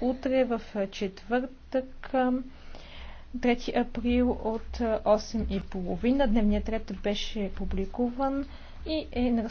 утре в четвъртък. 3 април от 8.30. Дневният ред беше публикуван и е на разположение.